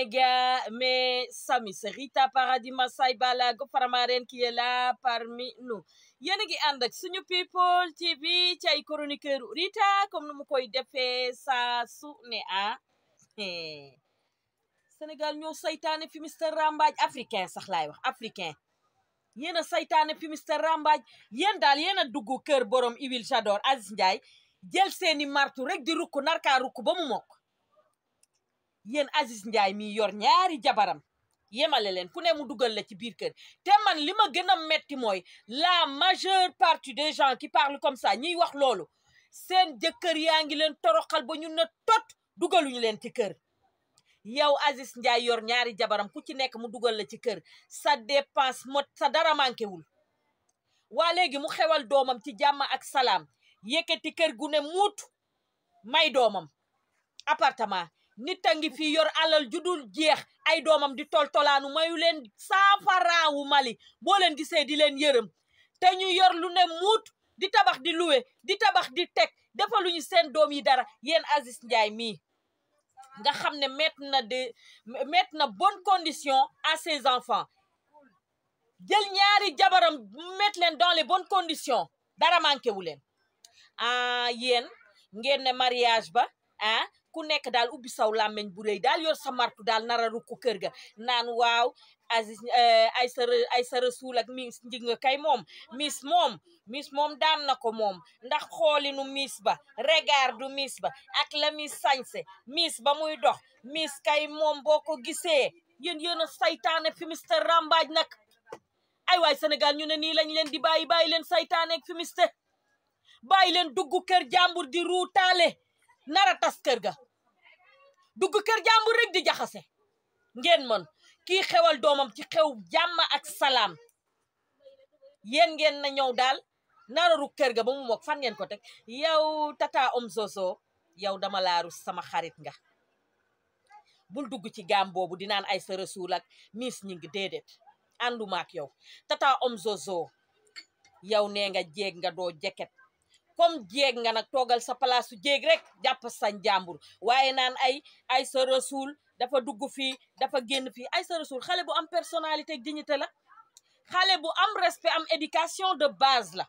Sénégal, mes amis, c'est Rita Paradis Massay Balago Paramaren qui est là parmi nous. yéen a ngi ànd ak suñu people TV ci ay chroniqueur Rita comme nu mu koy defee saa su ne ah eh. Sénégal ñoo saytaane fi mister rambaaj africain sax laay wax africain yéen a saytaane fi mister rambaaj yéen daal yen a dugg kër borom Iwil Jador Aziz Ndiaye jël seeni martu rek di rukk narkaa rukk ba mu mokk yéen Aziz Ndiaye mi yor ñaari jabaram yemale leen ku nekk mu dugal la ci biir kër te man li ma gën a metti mooy la majeure partie des gens qui parlent comme ça ñiy wax loolu seen jëkkër yaa ngi leen toroxal ba ñu ne tot dugaluñu leen ci kër yow Aziz Ndiaye yor ñaari jabaram ku ci nekk mu dugal la ci kër sa dépense mot sa dara manqué wul waa léegi mu xewal doomam ci jàmm ak salaam yëkkati kër gu ne muut may doomam appartement nit a ngi fi yor alal ju dul jeex ay doomam di toltolaanu mayu leen saafaraawu Mali boo leen gisee di leen yërëm te ñu yor lu ne muut di tabax di luwe di tabax di teg defaluñu seen doom yi dara yéen Aziz Ndiaye mii nga xam ne mettre na de mettre na bonne condition à ses enfants jël ñaari jabaram mettre leen dans les bonnes conditions dara manqué wu leen ah yéen ngeen ne mariage ba ah ku nekk daal ubbi saw làmmeñ bu rëy daal yor sa martu daal nararu ko kër ga naan waaw Aziz ay sa ay sa ak miss njig nga kay moom miss moom miss moom daan na ko moom ndax xoolinu miss ba regardu miss ba ak la miss sañse miss ba muy dox miss kay moom boo ko gisee yéen yéen a saytaane fi mister nag ay waay Sénégal ñu ne nii lañ leen di bàyyi bàyyi leen saytaane ak fi bàyyi leen dugg kër jàmbur di ruutaale nar a tas kër ga dugg kër jàmbur di jaxase ngeen mën ki xewal doomam ci xew jàmm ak salaam yéen ngeen na ñëw daal nararu kër ga ba mu mook fan ngeen ko teg yow tata om soso yow dama laaru sama xarit nga bul dugg ci gaam boobu dinaan ay sa rasuul ak miis ñi ngi déedéet àndumaak yow tata om soso yow nee nga jéeg nga doo jeket comme jéeg nga nag toogal sa place su jéeg rek jàpp sañ jàmbur waaye naan ay ay sa rasul dafa dugg fii dafa génn fii ay sa rasul xale bu am personalité ak dignité la xale bu am respect am éducation de base la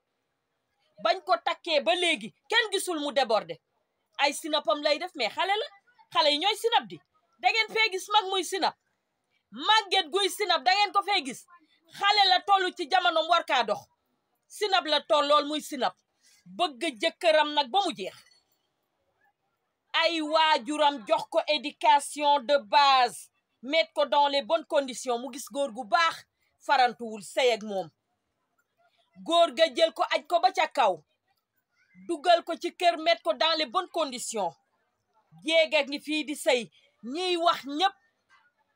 bañ ko takkee ba léegi kenn gisul mu débordé ay sinapam lay def mais xale la xale yi ñooy sinap di da ngeen fee gis mag muy sinap màgget guy sinap da ngeen ko fee gis xale la toll ci jamonoom war kaa dox sinap la toll lool muy sinap bëgg jëkkëram nag ba mu jeex ay waajuram jox ko éducation de base met ko dans les bonnes conditions mu gis góor gu baax farantuwul sëy ak moom góor ga jël ko aj ko ba ca kaw dugal ko ci kër mettre ko dans les bonnes conditions jéeg ak ngi fii di sëy ñiy wax ñépp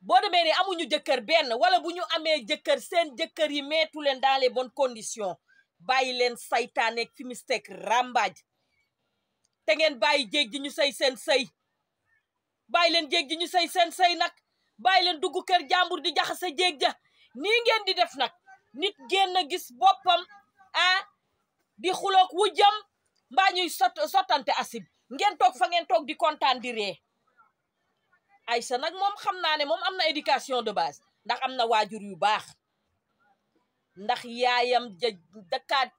boo demee ne amuñu jëkkër benn wala bu ñu amee jëkkër seen jëkkër yi mettu leen dans les bonnes conditions bàyyi leen saytaaneeg fi mistek ràmbaaj te ngeen bàyyi jéeg ji ñu say seen sëy bàyyi leen jéeg ji ñu say seen sëy nag bàyyi leen dugg kër jàmbur di jaxase jéeg ja nii ngeen di def nag nit génn gis boppam ah di xuloog wu jëm mbaa ñuy sot sottante asib ngeen toog fa ngeen toog di kontaan di ree Aïcha nag moom xam naa ne moom am na éducation de base ndax am na waajur yu baax ndax yaayam ja dakaat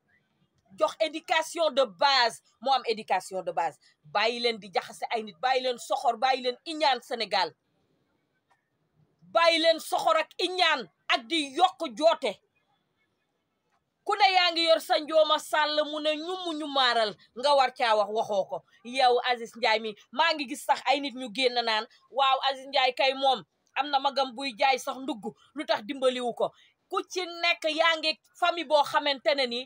jox éducation de base moo am éducation de base bàyyi leen di jaxase ay nit bàyyi leen soxor bàyyi leen iñaan Sénégal bàyyi leen soxor ak iñaan ak di yokk joote ku ne yaa ngi yor sa njooma sàll mu ne ñu mu nga war caa wax waxoo ko yow Aziz Ndiaye mi maa ngi gis sax ay nit ñu génn naan waaw Aziz Ndiaye kay moom am na magam buy jaay sax ndugg lu tax dimbaliwu ko ku ci nekk yaa ngi famille boo xamante ne ni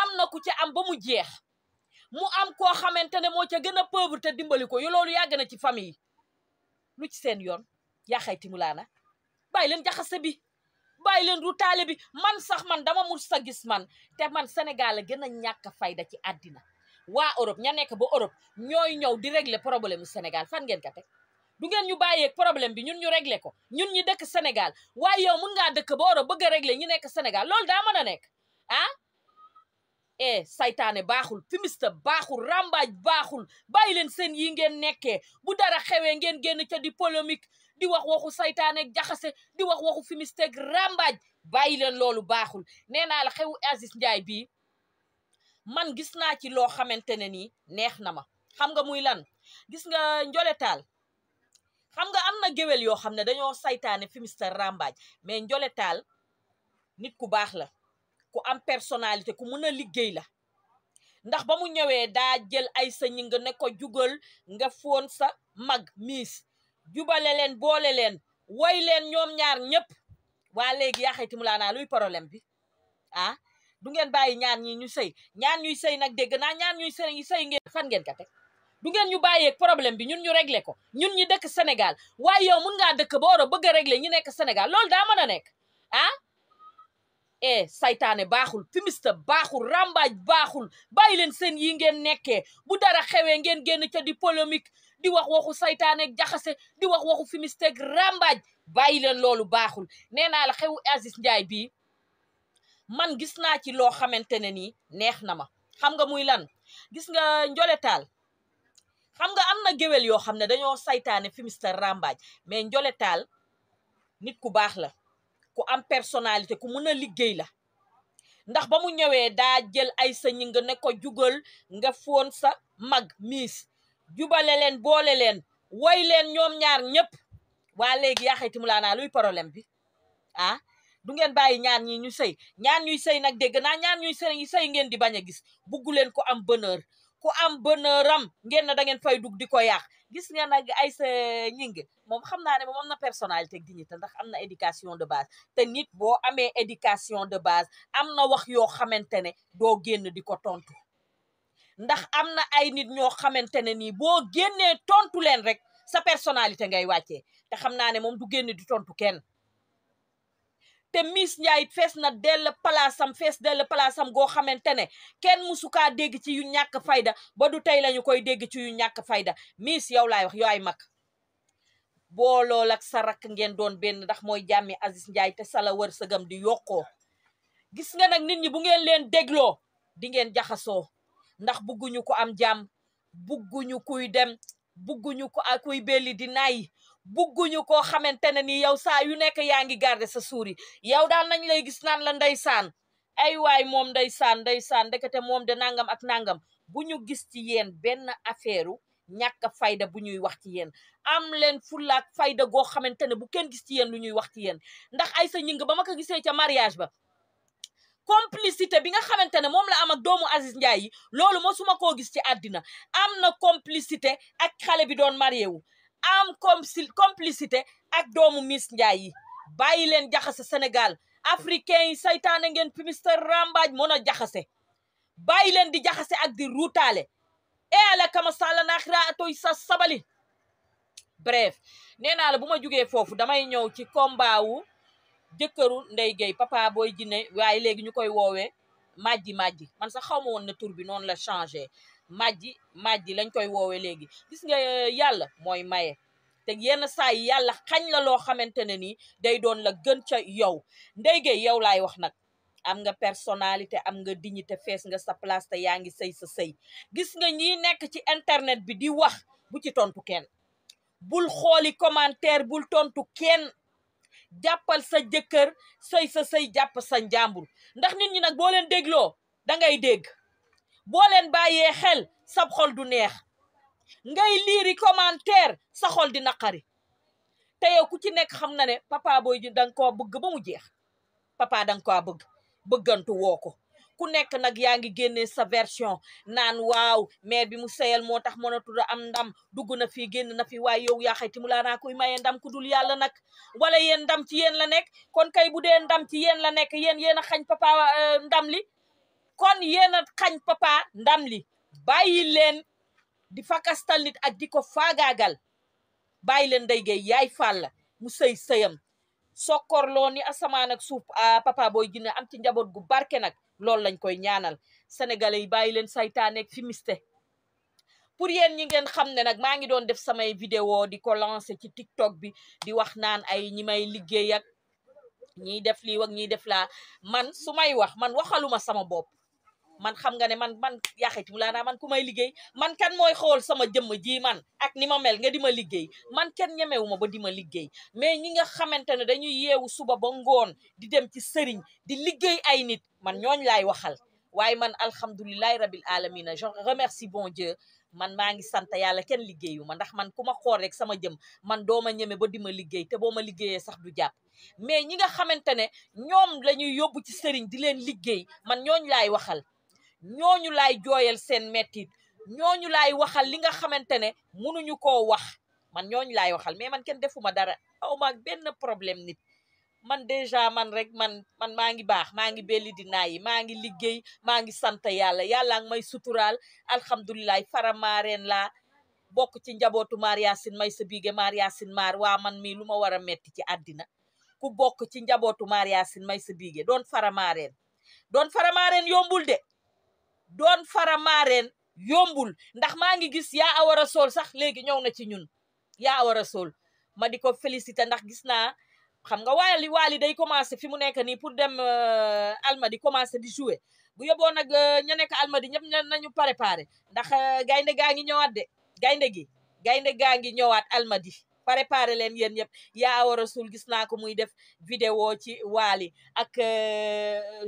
am na ku ci am ba mu jeex mu am koo xamante ne moo ca gën a pauvre te dimbali ko yu loolu yàgg na ci famille lu ci seen yoon yaa xayti mu laana bàyyi leen jaxase bi bàyyi leen taale bi man sax man dama mu sa gis man te man Sénégal la gën a ñàkk fayda ci àddina waa Europe ña nekk ba Europe ñooy ñëw di régler problème mu Sénégal fan ngeen kate du ngeen ñu bàyyeeg problème bi ñun ñu régler ko ñun ñu dëkk Sénégal waaye yow mun ngaa dëkk booro bëgg a régler ñu nekk senegal loolu daa mën a nekk ah eh saytaane baaxul fumiste baaxul rambaaj baaxul bàyyi leen seen yi ngeen nekkee bu dara xewee ngeen génn ca di polémique di wax waxu saytaane jaxase di wax waxu fumiste ak bàyyi leen loolu baaxul nee naa la xew Aziz Ndiaye bii man gis naa ci loo xamante ne nii neex na ma xam nga muy lan gis nga njoletaal xam nga am na géwél yoo xam ne dañoo saytaane fi mister rambaaj mais Ndiolé Tall nit ku baax la ku am personnalité ku mun a liggéey la ndax ba mu ñëwee daa jël ay sa ñi nga ne ko jugal nga foon sa mag miis jubale leen boole leen woy leen ñoom ñaar ñëpp waa léegi yaa xayti mu laa naa luy problème bi ah du ngeen bàyyi ñaar ñi ñu sëy ñaan ñuy sëy nag dégg naa ñaan ñuy sëy sëy ngeen fan ngeen ka du ngeen ñu bàyyeeg problème bi ñun ñu régler ko ñun ñu dëkk Sénégal waaye yow mun ngaa dëkk booro bëgg a régler ñu nekk senegal loolu daa mën a nekk ah eh saytaane baaxul fumiste baaxul rambaaj baaxul bàyyi leen seen yi ngeen nekkee bu dara xewee ngeen génn ca di polémique di wax waxu saytaane jaxase di wax waxu fumiste ak bàyyi leen loolu baaxul nee naa la xewu Aziz Ndiaye bii man gis naa ci loo xamante ne nii neex na ma xam nga muy lan gis nga njoletaal xam nga am na géwél yoo xam ne dañoo saytaane fi mister rambaaj mais Ndiolé taal nit ku baax la ku am personnalité ku mun a liggéey la ndax ba mu ñëwee daa jël ay sa ñi nga ne ko jugal nga foon sa mag miis jubale leen boole leen woy leen ñoom ñaar ñëpp waa léegi yaaxayti mu laa luy paroblème bi ah du ngeen bàyyi ñaar ñi ñu sëy ñaar ñuy sëy nag dégg naa ñaar ñuy sëy sëy ngeen di bañ a gis buggu leen ko am bonheur ku am bonheur am ngeen da ngeen fay dugg di ko yàq gis nga nag ay sa ñingi moom xam naa ne moom na personnalité ak ndax am na éducation de base te nit boo amee éducation de base am na wax yoo xamante ne doo génn di ko tontu ndax am na ay nit ñoo xamante ne nii boo génnee tontu leen rek sa personalité ngay wàccee te xam naa ne moom du génn di tontu kenn te Miss Ndiaye fees na dell palaasam fees dell palaasam goo xamante ne kenn musukaa dégg ci yu ñàkk fayda ba du tey lañu koy dégg ci yu ñàkk fayda Miss yow laay wax yow ay mag boolool ak sa rakk ngeen doon benn ndax mooy jàmmi Aziz Ndiaye te sala wërsëgam di yokkoo gis nga nag nit ñi bu ngeen leen dégloo dingeen ngeen jaxasoo ndax bugguñu ko am jàmm bugguñu kuy dem bugguñu ko ak kuy belli di nay bugguñu koo xamante ne ni yow saa yu nekk yaa ngi garder sa suur yi yow daal nañ lay gis nan la ndeysaan ay waay moom nday saan nday saan ndekete moom de nangam ak nangam bu ñu gis ci yéen benn affaire ñàkk fayda bu ñuy wax ci yéen am leen fulaak fayda goo xamante ne bu kenn gis ci yéen lu ñuy wax ci yéen ndax ay sa ñing ba ma ko gisee ca mariage ba complicité bi nga xamante ne moom la am ak doomu Aziz Ndiaye loolu loolu suma koo gis ci àddina am na complicité ak xale bi doon marié wu am complicité ak doomu Miss Ndiaye yi bàyyi leen jaxase Sénégal africain yi saytaane ngeen pimister rambaaj mën a jaxase bàyyi leen di jaxase ak di ruutaale e ala kama sala naaxira atoy sa sabali bref nee naa la bu ma jugee foofu damay ñëw ci combat jëkkëru Ndeye Gueye papa booy jinne waaye léegi ñu koy woowee majji majji man sax xaw ma woon na tur bi noonu la changé majji majji lañ koy woowee léegi gis nga eh, yàlla mooy maye te yenn saa yàlla xañ la loo xamante ne nii day doon la gën ca yow ndéygee yow laay wax nag am nga personnalité am nga dignité fees nga sa place te yaa ngi sëy sa sëy gis nga ñi nekk ci internet bi di wax bu ci tontu kenn bul xooli commentaire bul tontu kenn jàppal sa jëkkër sëy sa sëy jàpp sa njàmbur ndax nit ñi nag boo leen dégloo da ngay dégg boo leen bàyyee xel sab xol du neex ngay liiri commentaire sa xol di naqari te yow ku ci nekk xam na ne papa boy ji danga koo bëgg ba mu jeex papa danga koo bëgg bëggantu woo ko ku nekk nag yaa ngi génnee sa version naan waaw maire bi mu seyal moo tax mënatul am ndam dugg na fii génn na fi waaye yow yaa xayti mu laa naa koy maye ndam ku dul yàlla nag wala yéen ndam ci yéen la nekk kon kay bu dee ndam ci yéen la nekk yéen yéen a xañ papa euh, ndam li kon yéen a xañ papa ndam li bàyyi leen di fakastal nit ak di ko faagaagal bàyyi leen Ndeye Gueye yaay fàll mu sëy sëyam sokkorloo ni a asamaan ak suuf ah, papa booy jinne am ci njaboot gu barke nag loolu lañ koy ñaanal sénégalais yi bàyyi leen saytaaneeg fi miste pour yéen ñi ngeen xam ne nag maa ngi doon def samay vidéo di ko lancé ci tiktok bi di wax naan ay ñi may liggéey ak def lii ak ñiy def laa man su may wax man waxaluma sama bopp man xam nga ne man man yaaxeeti mu naa man ku may liggéey man kan mooy xool sama jëmm ji man ak ni ma mel nga di ma liggéey man kenn ñemewu ma ba dima liggéey mais ñi nga xamante ne dañuy yeewu suba ba ngoon di dem ci sëriñ di liggéey ay nit man ñooñ laay waxal waaye man alhamdulilahi rabil alamina je remercie bon Dieu man maa ngi sant yàlla kenn liggéeyu ma ndax man ku ma xool rek sama jëm man doo ma ñeme ba dima liggéey te boo ma liggéeyee sax du jàpp mais ñi nga xamante ne ñoom la ñuy yóbbu ci sëriñ di leen liggéey man ñooñ laay waxal ñooñu laay jooyal seen mettit ñooñu laay waxal li nga xamante ne mënuñu ko wax man ñooñu laay waxal mais man kenn defuma dara aw ma benn problème nit man déjà man rek man man maa ngi baax maa ngi belli di naa yi maa ngi liggéey maa ngi sant yàlla yàlla ngi may suturaal alhamdulilah faramaareen laa bokk ci njabootu maar yaasin may sa biige maar yaasin maar waa man mii lu ma war a metti ci àddina ku bokk ci njabootu maar yaasin may sa biige doon faramaareen doon faramaareen yombul doon faramaareen yombul ndax maa ngi gis yaa awa sol sax léegi ñëw na ci ñun yaa awa rasool ma di ko félicité ndax gis naa xam nga waali waali day commencé fi mu nekk nii pour dem euh, almadi commencé di jouer bu yóbboo nag euh, ña nekk almadi ñëpp nañu préparé ndax euh, gaynde gaa ngi ñëwaat de gaynde gi gaynde gaa ngi ñëwaat almadi préparé leen yéen yëpp yaa awa rasul gis naa ko muy def vidéo ci waali ak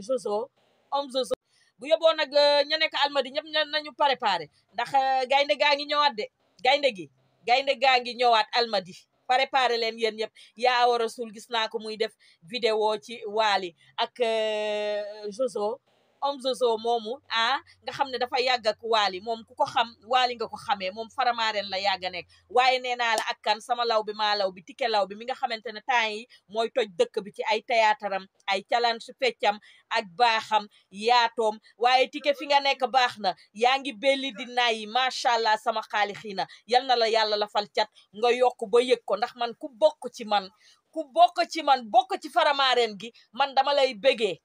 Jojo om Jojo bu yóbboo nag euh, ña nekk almadi ñëpp nañu préparé ndax euh, gaynde gaa ngi ñëwaat de gaynde gi gaynde gaa ngi ñëwaat almadi préparé leen yéen yëpp yaa awa rasul gis naa ko muy def vidéo ci waali ak euh, Joso Omzozo moomu ah nga xam ne dafa yàgg ak waali moom ku ko xam waali nga ko xame moom faramaaren la yàgg a nekk waaye nee naa la ak kan sama law bi maa law bi tike law bi mi nga xamante ne temps yi mooy toj dëkk bi ci ay théâtre am ay challenge feccam ak baaxam yaatoom waaye tike fi nga nekk baax na yaa ngi belli di naayi macha allah sama xaali xiina yal na la yàlla la fal cat nga yokk ba yëg ko ndax man ku bokk ci man ku bokk ci man bokk ci faramaaren gi man dama lay bégee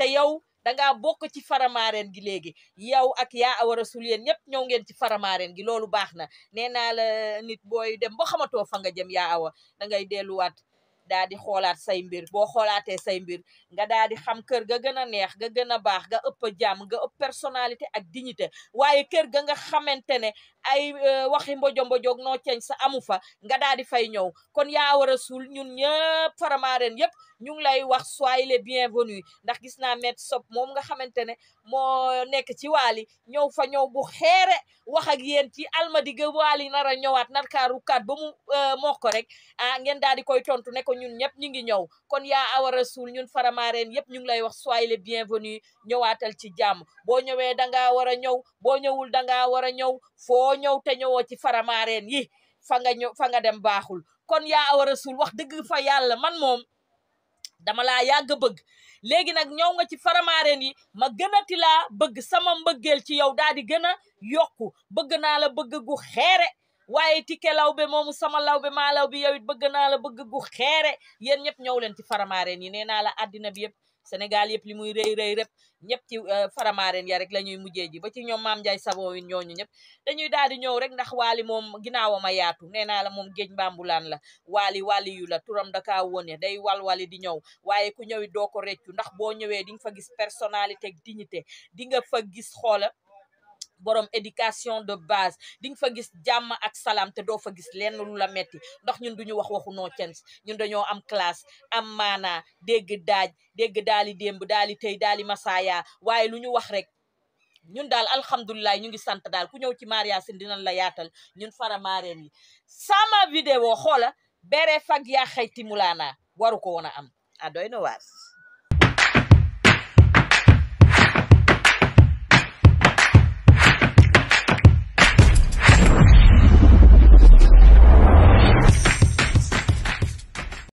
te yow dangaa bokk ci faramaareen gi léegi yow ak yaa awa rasul yéen ñëpp ñëw ngeen ci faramaareen gi loolu baax na nee naa la nit booy dem ba xamatoo fa nga jëm yaa awa da ngay delluwaat daa di xoolaat say mbir boo xoolaatee say mbir nga daa di xam kër ga gën a neex ga gën a baax ga ëpp a jàmm nga ëpp personnalité ak dignité waaye kër ga nga xamante ne ay eh, waxi mbojo mbojoog noo ceeñ sa amu fa nga daal di fay ñëw kon yaa war a suul ñun ñëpp faramaaren yëpp ñu ngi lay wax soyez les bienvenus ndax gis naa met sop moom nga xamante ne moo nekk ci waali ñëw fa ñëw bu xeere wax ak yéen ci almadiga waali nar a ñëwaat narkaa rukkaat ba mu eh, moo ko rek ah ngeen daal di koy tontu ne ko ñun ñëpp ñu ngi ñëw kon yaa war suul ñun faramaaren yëpp ñu ngi lay wax soyez les bienvenus ñëwaatal ci jàmm boo ñëwee dangaa war a ñëw boo ñëwul dangaa war a ñëw ñëw te ñëwoo ci faramaareen yi fa nga ñëw fa nga dem baaxul kon yaa awa rasul wax dëgg fa yàlla man moom dama laa yàgg bëgg léegi nag ñëw nga ci faramaareen yi ma gënati laa bëgg sama mbëggeel ci yow daal di gën a yokku bëgg naa la bëgg gu xeere waaye tike lawbe moomu sama lawbe maa lawbe yow it bëgg naa la bëgg gu xeere yéen ñëpp ñëw leen ci faramaareen yi nee naa la àddina bi yëpp Sénégal yëpp li muy rëy rëy rëpp ñëpp ci euh, faramaaren ya rek la ñuy mujjee ji ba ci ñoom maam Ndiaye Savon yi ñooñu ñëpp dañuy daal di rek ndax waali moom ginnaawam a yaatu nee naa la moom géej mbambulaan la waali waali yu la turam dakaa wone day walwali di ñëw waaye ku ñëwi doo ko reccu ndax boo ñëwee di nga fa gis personnalité ak dignité di nga fa gis xoola borom éducation de base di nga fa gis jàmm ak salaam te doo fa gis lenn lu la metti ndax ñun duñu wax waxu noo cens ñun dañoo am classe am maanaa dégg daaj dégg daali démb daali tey daali masaaya waaye lu ñu wax rek ñun daal alhamdulilah ñu ngi sant daal ku ñëw ci mariasin dinañ la yaatal ñun fara maareen yi sama vidéo xoola bere fa yaa xayti mulaana waru ko woon a am a doy na waar